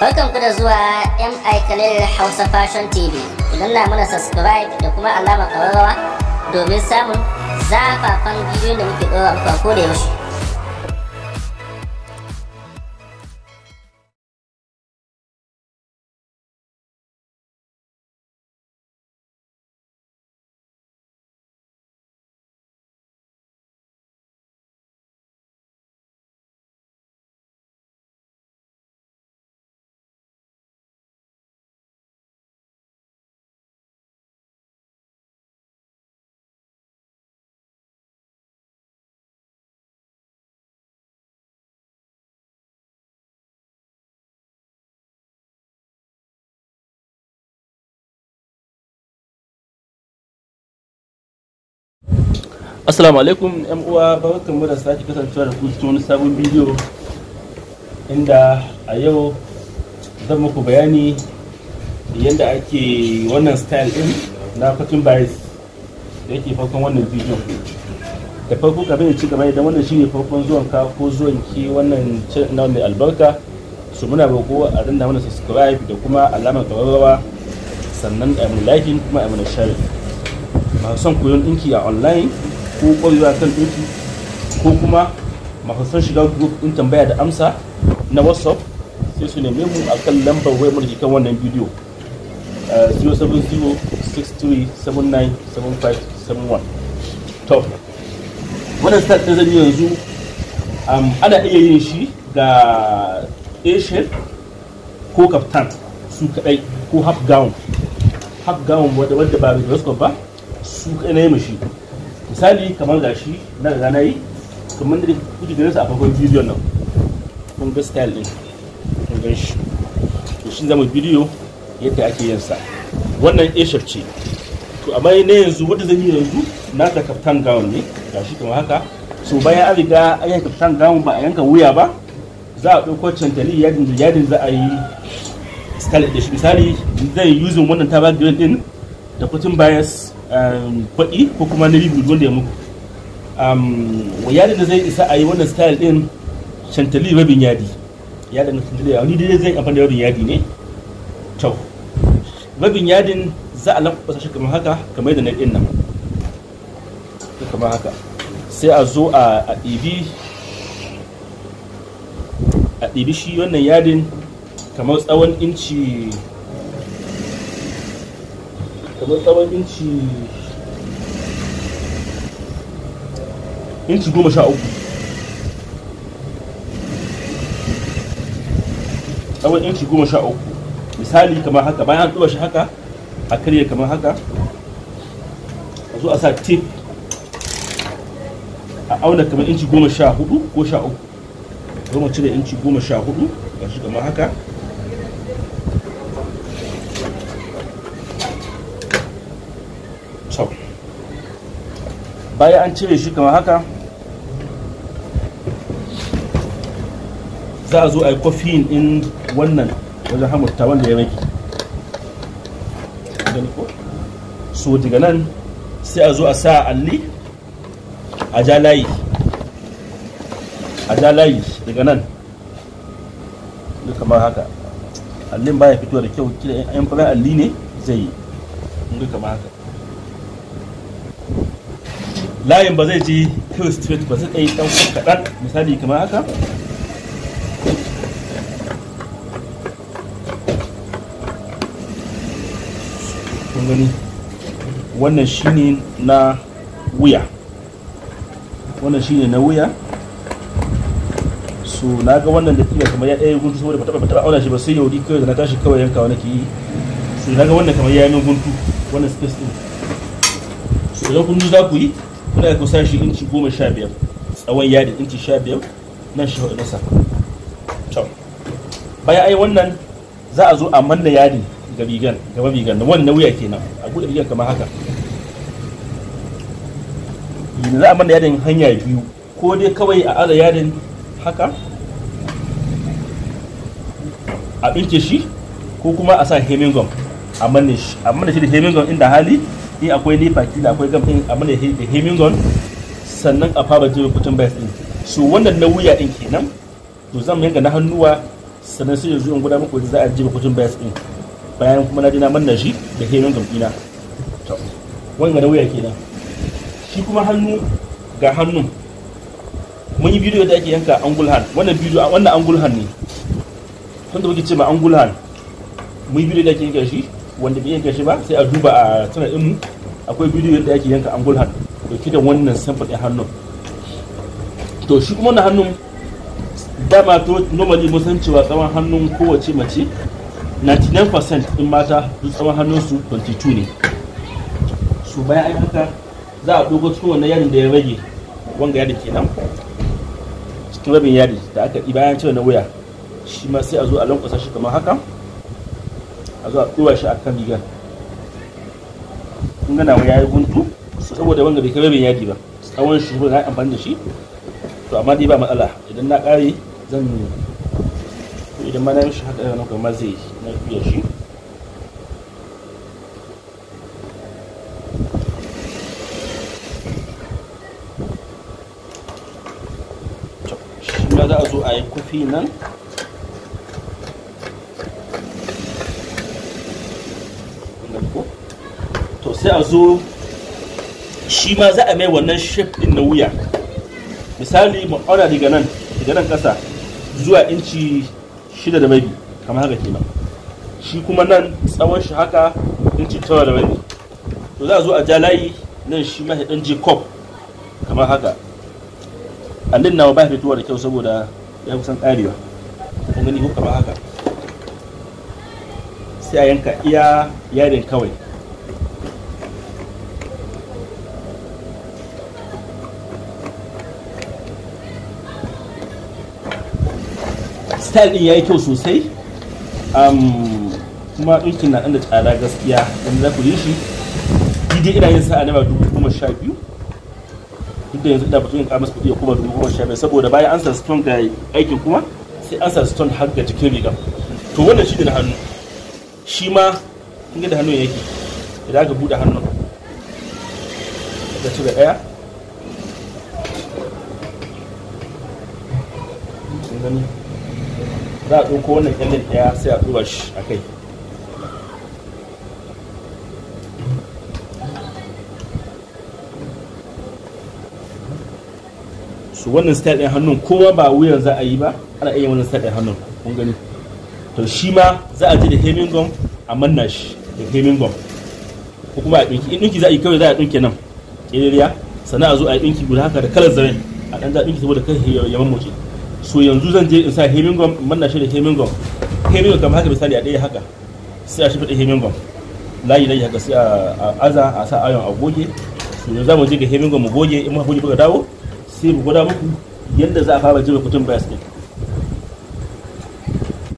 Barkan ku da zuwa MI Kalil Hausa Fashion TV. Idan na muna subscribe da kuma alamar ƙararrawa domin samun zafafan bidiyon da muke ɗora muku a koda yaushe. assalamu alaikum yan uwa barkan mu da sake kasancewa da ku cikin wani sabon bidiyo inda a yau zan muku bayani yadda ake wannan style din na fatin bias da yake farkon wannan bidiyo da farko kafin ci gaba idan wannan shine farkon zuwan ka ko zuwan ki wannan na wannan albarka su muna roƙo a danna mana subscribe da kuma alamar ƙararrawa sannan a mu like kuma a mana share masu son koyon ɗinki a online ko kwarewa kan doki ko kuma masu shiga group in tambaya da amsa na whatsapp sai su neme mu a kan lambar wayar kan wannan bidiyo 07063797571 eh, to wannan start ta zai yanzu ana iya yin shi ga asian ko kaftan su kaɗai ko half gown half gown wadda ba da ba su kaɗai na yi mashi misali kamar gashi na riga na yi kamar da kuke ganin sa a farkon bidiyon nan kun ga style din kun gan shi to shi zama bidiyo yadda ake yin sa wannan a ce to amma na yanzu wanda zan yi yanzu na ta kaftan gown ne gashi kamar haka so bayan an riga an yi kaftan gown ba a yanka wuya ba za a ɗauko cantali yadin da yadin za a yi style da shi misali zan yi using wannan tabar green din da kutun bias Um, kuɗi ko kuma na wanda ya muku um, zai isa a yi wannan style din shantali rabin yadi shantali dai zai amfani da rabin yadi ne to rabin yadin za a lankwasa shi kamar haka kamar yadda na ɗin nan kamar haka sai a zo a ɗibi a ɗibi shi wannan yadin kamar tsawon inci kamar tsawon inci goma sha uku tsawon inci goma sha uku misali kamar haka bayan an ɗuba shi haka a karya kamar haka a zo a sa tip a auna kamar inci goma sha hudu ko sha uku goma cire inci goma sha hudu ga shi kamar haka to bayan an cire shi kamar haka za a zo a yi kofin in wannan wajen hamurta wanda ya rage so daga nan sai a zo a sa alli a ja layi a ja layi daga nan duk kamar haka allin baya fito da kyau kila yan fara alli ne zai yi duk kamar haka layin ba zai ji kill straight ba zai ɗan kaɗan misali kamar haka gani wannan shine na wuya wannan shine na wuya so na ga wannan da kila kamar ya ɗaya guntu saboda ba taɓa taɓa auna shi ba sai yau kawai da na tashi kawai wani nake yi so na ga wannan kamar ya yi min guntu wannan space ɗin so idan kun za ku yi ina ku shi inci goma sha biyar tsawon yadi inci sha biyar nan shi hudu nasa to bayan ai wannan za a zo a manna yadi ga bigan gaba bigan na wannan wuya kenan a gudu bigan kamar haka yin za a manna yadin hanya biyu ko dai kawai a aza yadin haka a ɗinke shi ko kuma a sa hemingwam a manne shi da hemingon inda hali in akwai lifaki da akwai gamfin abin da hemingon sannan a fara jiro kutun bayas din so wannan na wuya din kenan to zan yanka na hannuwa sannan sai yanzu in guda muku za a jiba kutun bayas din bayan kuma na dina manna shi da hemingon ina to wannan na wuya kenan shi kuma hannu ga hannun mun yi bidiyo da ake yanka angul hand wannan bidiyo wannan angul hand ne da muke ce ma angul hand mun yi bidiyo da ake yanka shi wanda bai yanka shi ba sai a duba a sanar mu akwai bidiyo yadda ake yanka angul hand to kidan wannan sample din hannun to shi kuma wannan hannun dama to normally mun san cewa tsawon hannun kowace mace 99% din mata duk tsawon su 22 ne su bayan ai haka za a dogo cikin wannan yarin da ya rage wanga yadi kenan cikin rabin yadi da aka ɗi bayan cewa na wuya shi ma sai a zo a lankwasa shi kamar haka a zuwa ɗora shi a kan rigar kun gana ya yi guntu saboda wanda bai kai rabin yadi ba tsawon shi na amfani da shi to amma dai ba matsala idan na kare zan idan ma na shi haka yana kuma zai na biya shi za a zo a yi kufi nan sai a zo shi ma za a mai wannan shape din na wuya misali mu auna daga nan daga nan ƙasa zuwa inci shida da rabi kamar haka kenan shi kuma nan tsawon shi haka inci tara da rabi to za a zo a ja layi nan shi ma dan je kof kamar haka annin nawa ba fitowa da kyau saboda ya kusan karewa kun gani ko kamar haka sai a yanka iya yarin kawai style din yayi kyau sosai um, kuma ɗinkin na dan da tsada gaskiya dan za ku yi shi daidai ina yin sa'a naira dubu goma sha biyu duk da yanzu ina batun ƙara masa kuɗi ya kuma dubu goma sha biyu saboda bayan an sa stone ga aikin kuma sai an sa stone har ga cikin riga to wannan shi da hannu shi ma inda da hannun yake idan aka bude hannun da cire Thank you. za a ɗauko wannan ƙyallen ɗaya sai a ɗura shi a kai su wannan style ɗin hannun kowa ba wuyan za a yi ba ana iya wannan style ɗin hannun kun gani to shi ma za a ji da hemingom a manna shi da hemingom ko kuma a ɗinki in ɗinki za a yi kawai za a ɗinki nan ƙiriya sannan a zo a yi ɗinki guda haka da kalar zaren a ɗan za a ɗinki saboda kai ya mamoce so yanzu zan je in sa hemingon manna shi da hemingom hemingom kamar haka misali a ɗaya haka sai a shi fada hemingom layi layi haka sai a aza a sa ayon a goge so yanzu zamu mu je ga hemingom mu goge in ma goge muka dawo sai mu gwada muku yadda za a fara jiba kutun bias ɗin